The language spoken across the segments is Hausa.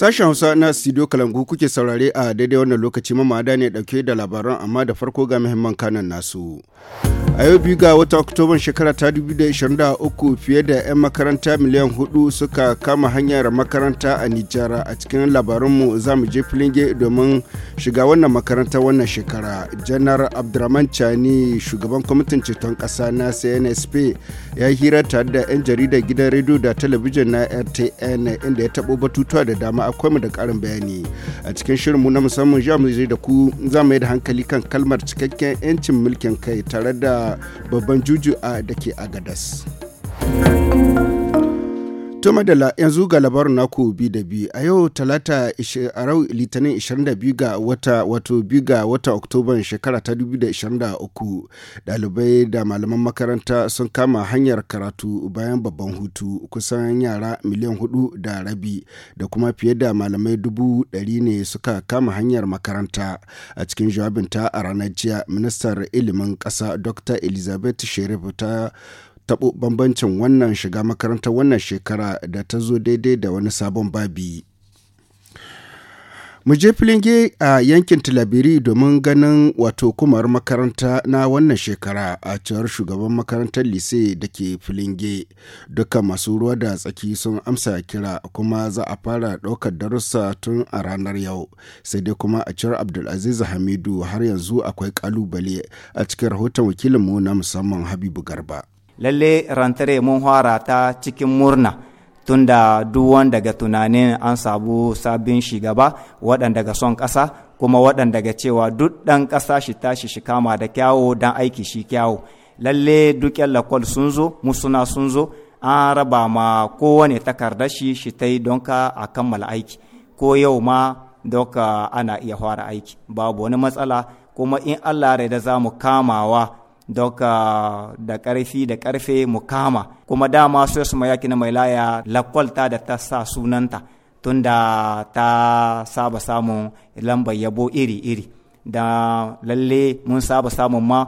Sashen Hausa na Studio Kalangu kuke saurare a daidai wannan lokaci mamada ne dauke da labaran amma da farko ga muhimman kanan nasu. a yau biyu ga watan oktoban shekara ta 2023 fiye da 'yan makaranta miliyan hudu suka kama hanyar makaranta a nijar a cikin labarinmu za mu je filinge domin shiga wannan makaranta wannan shekara janar abdurrahman chani shugaban kwamitin ceton kasa na cnsp ya hira tare da 'yan jarida gidan rediyo da talabijin na rtn inda ya taɓo batutuwa da dama akwai mu da ƙarin bayani a cikin shirinmu na musamman za mu da ku za mu yi da hankali kan kalmar cikakken 'yancin mulkin kai tare da babban juju a da ke agadas. To madalla yanzu ga labarin naku bi da bi a yau talata arau rau litinin 22 ga wata wato bi ga wata oktoban shekara ta 2023 dalibai da malaman makaranta sun kama hanyar karatu bayan babban hutu kusan yara miliyan hudu da rabi da kuma fiye da malamai dubu ɗari ne suka kama hanyar makaranta a cikin jawabinta a ranar jiya ministar ilimin ƙasa dr elizabeth sherif ta taɓo bambancin wannan shiga makarantar wannan shekara da ta zo daidai da wani sabon babi. mu je filinge a yankin tilabiri domin ganin wato kumar makaranta na wannan shekara a cewar shugaban makarantar lise da ke filinge duka masu ruwa da tsaki sun amsa kira kuma za a fara ɗaukar darussa tun a ranar yau sai dai kuma a cewar abdulaziz hamidu har yanzu akwai ƙalubale a cikin rahoton wakilinmu na musamman habibu garba lalle rantare mun fara ta cikin murna tunda duk daga tunanin an sabu sabbin shigaba waɗanda ga son ƙasa kuma waɗanda ga cewa duk ɗan ƙasa shi tashi shi kama da kyawo dan aiki shi kyawo lalle duk yan lakwal sun zo musuna sun zo an raba ma kowane takardar shi shi ta yi don ka a kammala aiki ko yau ma doka ana iya fara aiki babu wani matsala kuma in allah da za mu kamawa doka da ƙarfi da ƙarfe mu kama kuma dama su su mai na mai laya lakwalta da ta sa sunanta tunda ta saba samun lambar yabo iri-iri da lalle mun saba samun ma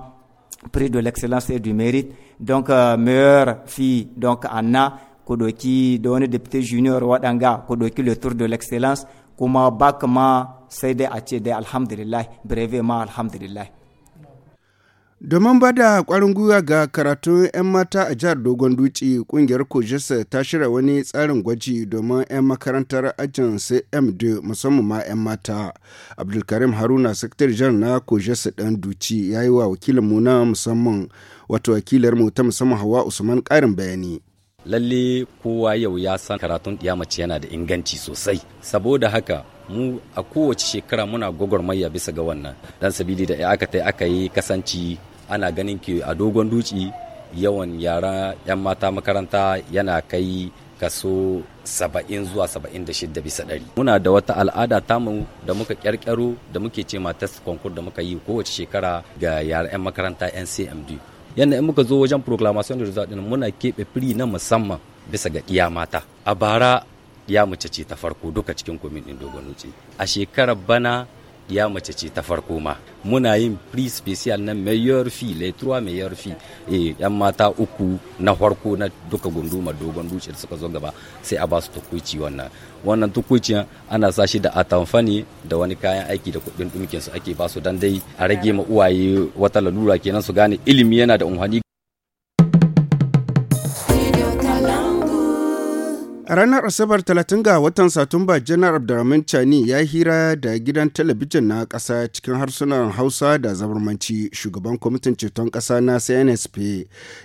prix de l'excellence et du mérite donc euh, meilleure fille donc anna ku doki da wani député junior waɗanga ku doki le tour de l'excellence kuma bak ma sai dai a ce dai alhamdulillah breve ma alhamdulillah Domin bada kwarin gwiwa ga karatun 'yan mata a jihar Dogon Dutse, ƙungiyar Kojesa ta shirya wani tsarin gwaji domin 'yan makarantar ajin CMD musamman ma 'yan mata. Abdulkarim Haruna, Sakatare Jan na Kojesa ɗan Dutse, ya yi wa wakilinmu na musamman, wato mu ta musamman Hawa Usman ƙarin bayani. Lalle kowa yau ya san karatun mace yana da inganci sosai. Saboda haka mu a kowace shekara muna gwagwarmaya bisa ga wannan dan sabili da aka ta aka yi kasanci ana ganin ki a dogon duci yawan yara 'yan mata makaranta yana kai kaso 70 zuwa 76 bisa ɗari. Muna da wata al'ada tamu da muka ƙyarƙyaro da muke ce test concours da muka yi kowace shekara ga yara 'yan makaranta 'yan CMD. Yanda in muka zo wajen proclamation da result muna keɓe firi na musamman bisa ga iya mata. A bara ya mace ce ta farko duka cikin komin din dogon A shekarar bana ya mace ce ta farko ma muna yin pre special na mayor fi trois mayor fi eh yan mata uku na farko na duka gunduma dogon dutse suka zo gaba sai a ba su tukuici wannan wannan tukuicin ana sa shi da atamfani da wani kayan aiki da kuɗin dumkin su ake ba su dan dai a rage ma uwaye wata lalura kenan su gane ilimi yana da unhani ranar asabar 30 ga watan satumba janar abdulrahman chani ya hira da gidan talabijin na ƙasa cikin harsunan hausa da zamarmanci shugaban kwamitin ceton ƙasa na cnsp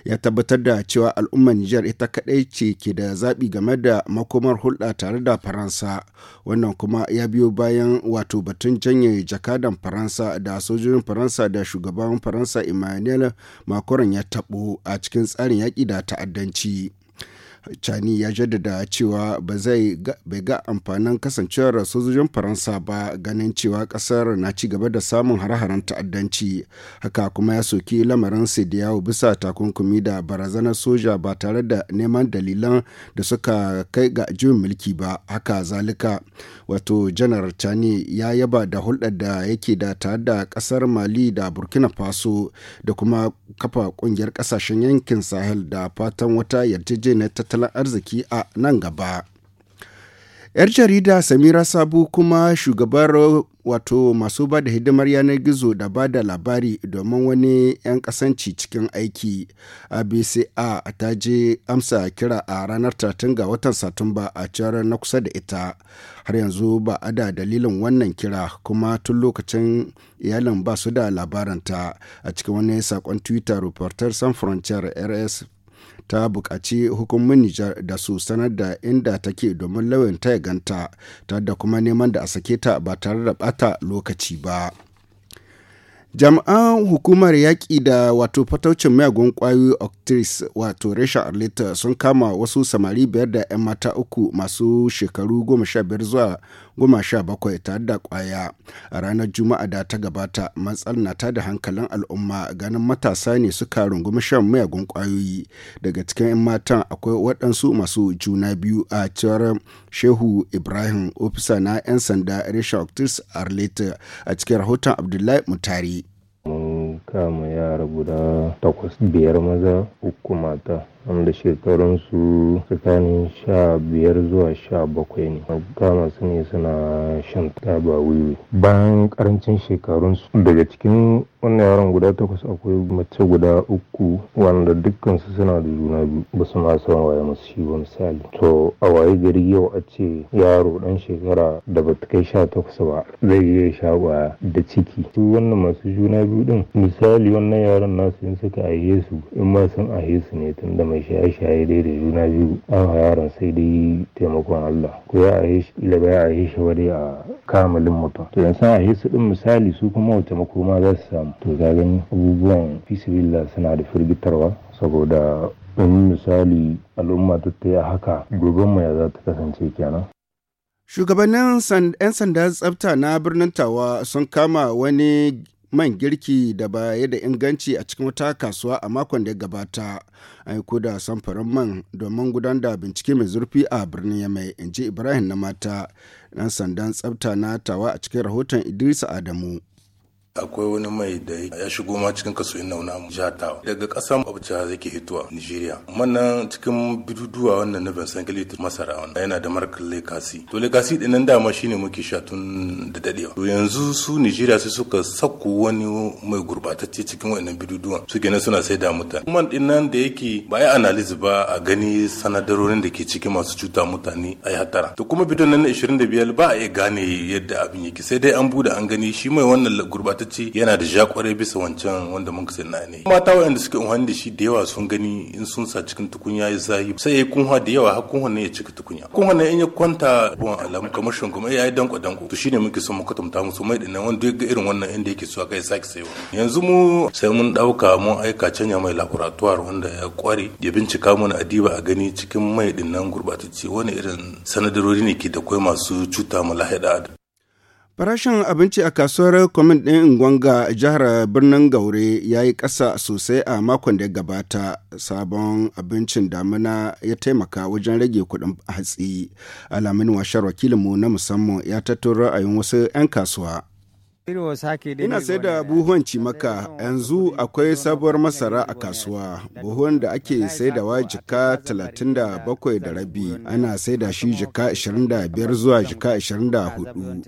ya tabbatar da cewa al'ummar nijar ita kaɗai ce ke da zaɓi game da makomar hulɗa tare da faransa wannan kuma ya biyo bayan wato batun janye jakadan faransa da sojojin faransa da shugaban faransa emmanuel macron ya taɓo a cikin tsarin yaƙi da ta'addanci Chani ya jaddada cewa ba zai bai ga amfanin kasancewar sojojin Faransa ba ganin cewa kasar na ci gaba da samun hare-haren ta'addanci. Haka kuma ya soki lamarin Sidiyawu bisa takunkumi da barazanar soja ba tare da neman dalilan da suka kai ga juyin mulki ba. Haka zalika wato janar Chani ya yaba da hulɗar da yake da tare da kasar Mali da Burkina Faso da kuma kafa ƙungiyar ƙasashen yankin Sahel da fatan wata yarjejeniyar tattalin arziki a nan gaba. 'yar jarida samira sabu kuma shugabar wato masu ba da hidimar yanar gizo da ba da labari domin wani 'yan kasanci cikin aiki a abca ta je amsa kira a ranar 30 ga watan satumba a cewar na kusa da ita har yanzu ba a da dalilin wannan kira kuma tun lokacin iyalin ba su da labaranta a cikin wani sakon twitter reporter san frontier rs ta buƙaci hukumin Nijar da su sanar da inda take domin lauyan ta ya ganta tare da kuma neman da a sake ta ba tare da ɓata lokaci ba. jama'an hukumar yaƙi da wato fataucin miyagun ƙwayoyi octris wato reshen arlita sun kama wasu samari biyar da 'yan mata uku masu shekaru 15 zuwa goma sha bakwai tare da kwaya a ranar juma'a da ta gabata matsal na ta da hankalin al'umma ganin matasa ne suka rungumi shan miyagun kwayoyi daga cikin 'yan matan akwai waɗansu masu juna biyu a cewar shehu ibrahim ofisa na 'yan sanda reshen octis arlete a cikin rahoton abdullahi mutari mun kama yara guda takwas biyar maza uku mata da shekarun su tsakanin sha biyar zuwa sha bakwai ne kama su ne suna shan taba wiwi bayan karancin shekarunsu daga cikin wannan yaron guda takwas akwai mace guda uku wanda dukkansu suna da juna biyu ba su ma san waye masu shi ba misali to a waye gari yau a ce yaro dan shekara da ba ta kai sha takwas ba zai iya sha kwaya da ciki su wannan masu juna biyu din misali wannan yaron nasu in suka aihe su in ma sun aihe su ne tun da mai mai shaye-shaye dai da juna biyu an yaron sai dai taimakon Allah ko ya a shi ila ba ya a shi wani a kamalin mutum to yanzu a yi su din misali su kuma wata makoma za su samu to za gani abubuwan fisibilla suna da firgitarwa saboda in misali al'umma ta ta yi haka goben mu ya za ta kasance kenan shugabannin 'yan sandan tsafta na birnin tawa sun kama wani man girki da baya da inganci a cikin wata kasuwa a makon da ya gabata aiko da samfurin man domin gudan da bincike mai zurfi a birnin yamai in ji ibrahim na mata dan sandan tsabta na tawa a cikin rahoton idrisa adamu akwai wani mai da ya shigo ma cikin kaso ina wani jatawa daga kasan abuja yake hituwa nigeria manan cikin biduduwa wannan na bensan kilita masara wannan yana da markar lekasi to lekasi din nan dama shine muke sha tun da dadewa to yanzu su nigeria sai suka sako wani mai gurbatacce cikin wannan biduduwan suke nan suna sai da mutane kuma din nan da yake ba ai analysis ba a gani sanadarorin da ke cikin masu cuta mutane ai hatara to kuma bidon nan 25 ba a iya gane yadda abin yake sai dai an bude an gani shi mai wannan gurbatacce ci yana da ja kwarai bisa wancan wanda mun kasance na ne mata waɗanda suke unhan da shi da yawa sun gani in sun sa cikin tukunya ya zahi sai ya kunha da yawa har kunha ne ya cika tukunya kunhan ne in ya kwanta ruwan alamu kamar shungum ya yi danko danko to shine muke son mu kwatanta musu mai dinnan wanda ga irin wannan inda yake so kai saki sayo yanzu mu sai mun dauka mun aika canya mai laboratoire wanda ya kware ya bincika mana diba a gani cikin mai dinnan gurbatacce wani irin sanadarori ne ke da kwai masu cuta mu lahida Farashin abinci a kasuwar kwamin ɗin Ngwanga jihar birnin Gaure ya yi ƙasa sosai a makon da ya gabata sabon abincin damina ya taimaka wajen rage kuɗin hatsi. Alamin washar wakilinmu na musamman ya tattaro ra'ayin wasu 'yan kasuwa. Ina sai da buhuwan cimaka yanzu akwai sabuwar masara a kasuwa buhuwan da ake saidawa jika 37 da rabi ana saida shi jika 25 zuwa jika 24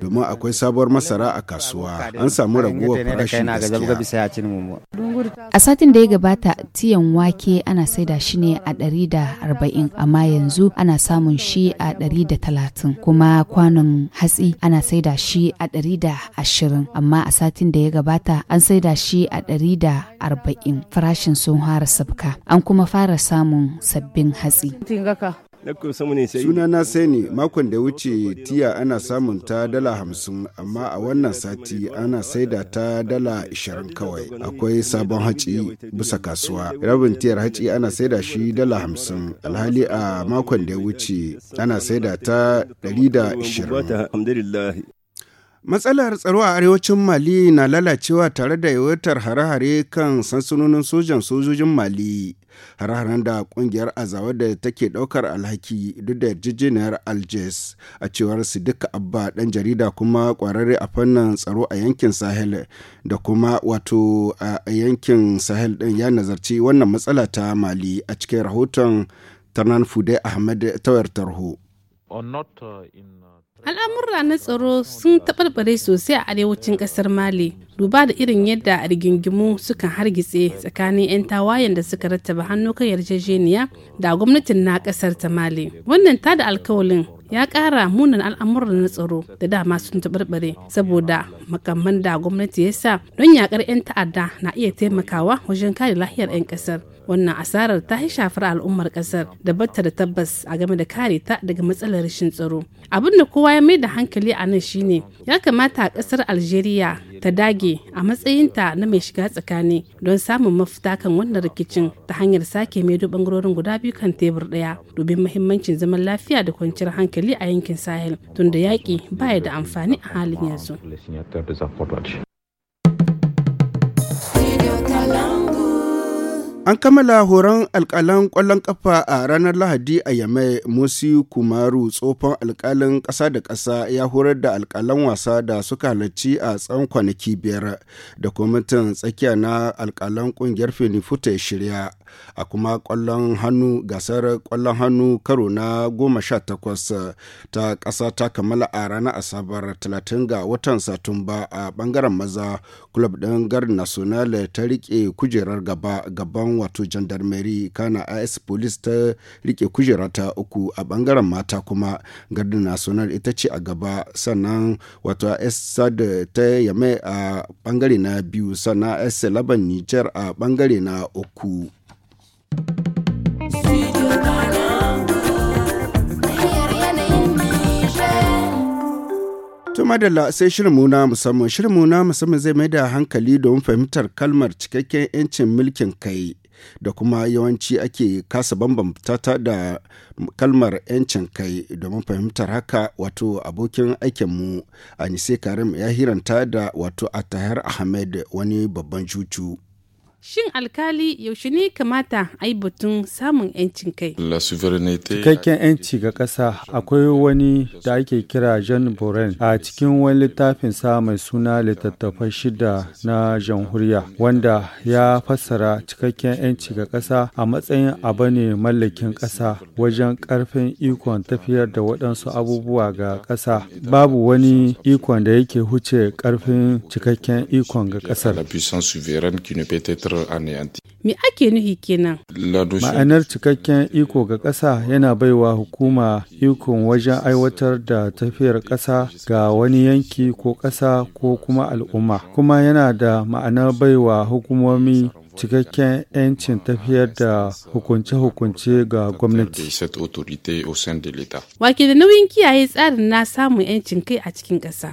domin akwai sabuwar masara a kasuwa an samu raguwar farashin gaskiya. A satin da ya gabata tiyan wake ana saida shi ne a ɗari da arba'in amma yanzu ana samun shi a ɗari da talatin kuma kwanon hatsi ana saida shi a ɗari da ashirin amma a satin da ya gabata an saida shi a ɗari da arba'in farashin sun fara sabka an kuma fara samun sabbin hatsi. Suna na sani, makon da wuce tiya ana samun ta dala hamsin amma a wannan sati ana saida ta dala ishirin kawai. Akwai sabon haci bisa kasuwa. Rabin tiyar haci ana saida shi dala hamsin alhali a makon da wuce ana saida ta ɗari da ishirin. Matsalar tsaro a arewacin Mali na lalacewa tare da yawaitar hare-hare kan sansanonin sojan sojojin Mali. har-haren da kungiyar azawa da take daukar alhaki duk da yarjejeniyar algiers a cewar su duka abba dan jarida kuma kwararre a fannin tsaro a yankin sahel da kuma wato a yankin sahel din ya nazarci wannan matsala ta mali a cikin rahoton tarnan fude ahmed tawar tarho not uh, in uh, al'amurra na tsaro sun taɓarɓare sosai a arewacin ƙasar mali duba da irin yadda rigingimu suka hargitse tsakanin 'yan tawayen da suka rattaba hannu kan yarjejeniya da gwamnatin na ƙasar ta mali wannan ta da alkawalin ya ƙara munan al'amuran na tsaro da dama sun taɓarɓare saboda makamman da gwamnati ya sa don yaƙar 'yan ta'adda na iya taimakawa wajen kare lahiyar 'yan ƙasar wannan asarar ta shafar al'ummar kasar da batta da tabbas a game da kare ta daga matsalar rashin tsaro abin da kowa ya mai da hankali a nan shine ya kamata a kasar algeria ta dage a matsayinta na mai shiga tsakani don samun mafita kan wannan rikicin ta hanyar sake maido bangarorin guda biyu kan tebur daya domin mahimmancin zaman lafiya da kwanciyar hankali a yankin sahel tunda yaƙi baya da amfani a halin yanzu An kammala horon alkalan ƙwallon ƙafa a ranar Lahadi a Yamai Musi Kumaru tsofon alkalin ƙasa da ƙasa ya horar da alkalan wasa da suka halarci a tsawon kwanaki biyar da kwamitin tsakiya na alkalan ƙungiyar Fenifuta shirya a kuma ƙwallon hannu gasar ƙwallon hannu karo na goma sha takwas ta ƙasa ta kammala a ranar Asabar talatin ga watan Satumba a ɓangaren maza kulab ɗin gar nasional ta riƙe kujerar gaba gaban daban wato gendarmerie kana is police ta rike kujera ta uku a bangaren mata kuma garda national ita ce a gaba sannan wato is sad ta yame a bangare na biyu sannan is laban niger a bangare na uku. To madalla sai shirinmu na musamman shirinmu na musamman zai mai da hankali don fahimtar kalmar cikakken 'yancin mulkin kai da kuma yawanci ake kasa bambamta da kalmar 'yancin kai domin fahimtar haka wato abokin aikinmu anise karim ya hiranta da wato atahar ahmed wani babban cucu. Shin alkali yaushe ne kamata a yi batun samun 'yancin kai? Cikakken 'yanci ga ƙasa akwai wani da ake kira Jean Boren a cikin wani littafin sa mai suna littattafai shida na jamhuriya wanda ya fassara cikakken 'yanci ga ƙasa a matsayin abu ne mallakin ƙasa wajen ƙarfin ikon tafiyar da waɗansu abubuwa ga ƙasa. Babu wani ikon da yake huce ƙarfin cikakken ikon ga ƙasar. anéanti. Me ake nuhi kenan? Ma'anar cikakken iko ga ƙasa yana baiwa hukuma ikon wajen aiwatar da tafiyar ƙasa ga wani yanki ko ƙasa ko kuma al'umma. Kuma yana da ma'anar baiwa hukumomi cikakken 'yancin tafiyar da hukunce-hukunce ga gwamnati. Wake da nauyin kiyaye tsarin na samun 'yancin kai a cikin ƙasa.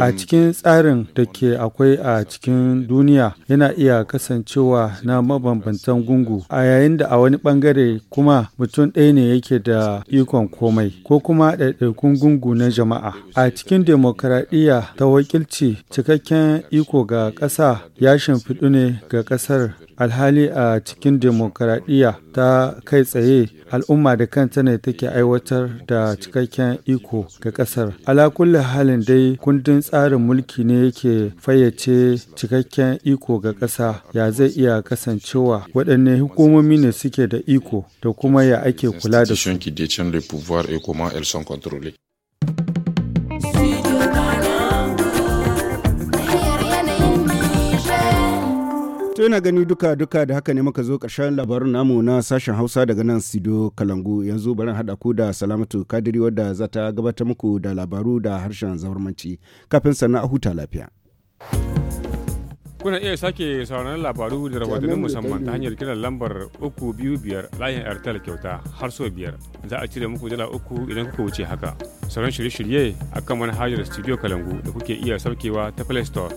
A cikin tsarin da ke akwai a cikin duniya yana iya kasancewa na mabambantan gungu a yayin da a wani bangare kuma mutum ɗaya ne yake da ikon komai ko kuma ɗaiɗaikun gungu na jama'a. A cikin demokaradiyya ta wakilci cikakken iko ga ƙasa ya shimfiɗu ne ga kasar alhali a cikin demokaradiyya ta kai tsaye al'umma da kanta ne take aiwatar da cikakken iko ga ƙasar. Alakulli halin dai kundin tsarin mulki ne yake fayyace cikakken iko ga kasa ya zai iya kasancewa waɗanne hukumomi ne suke da iko da kuma ya ake kula da su. To yana gani duka duka da haka ne muka zo ƙarshen labarin namu na sashen Hausa daga nan Sido Kalangu yanzu barin hada ku da Salamatu Kadiri wadda za ta gabatar muku da labaru da harshen zaurmanci kafin sannan a huta lafiya. Kuna iya sake sauraron labaru da rahotannin musamman ta hanyar kiran lambar 325 layin Airtel kyauta har so biyar. Za a cire muku dala uku idan kuka wuce haka. Sauran shirye-shirye a kan manhajar Studio Kalangu da kuke iya saukewa ta Play Store.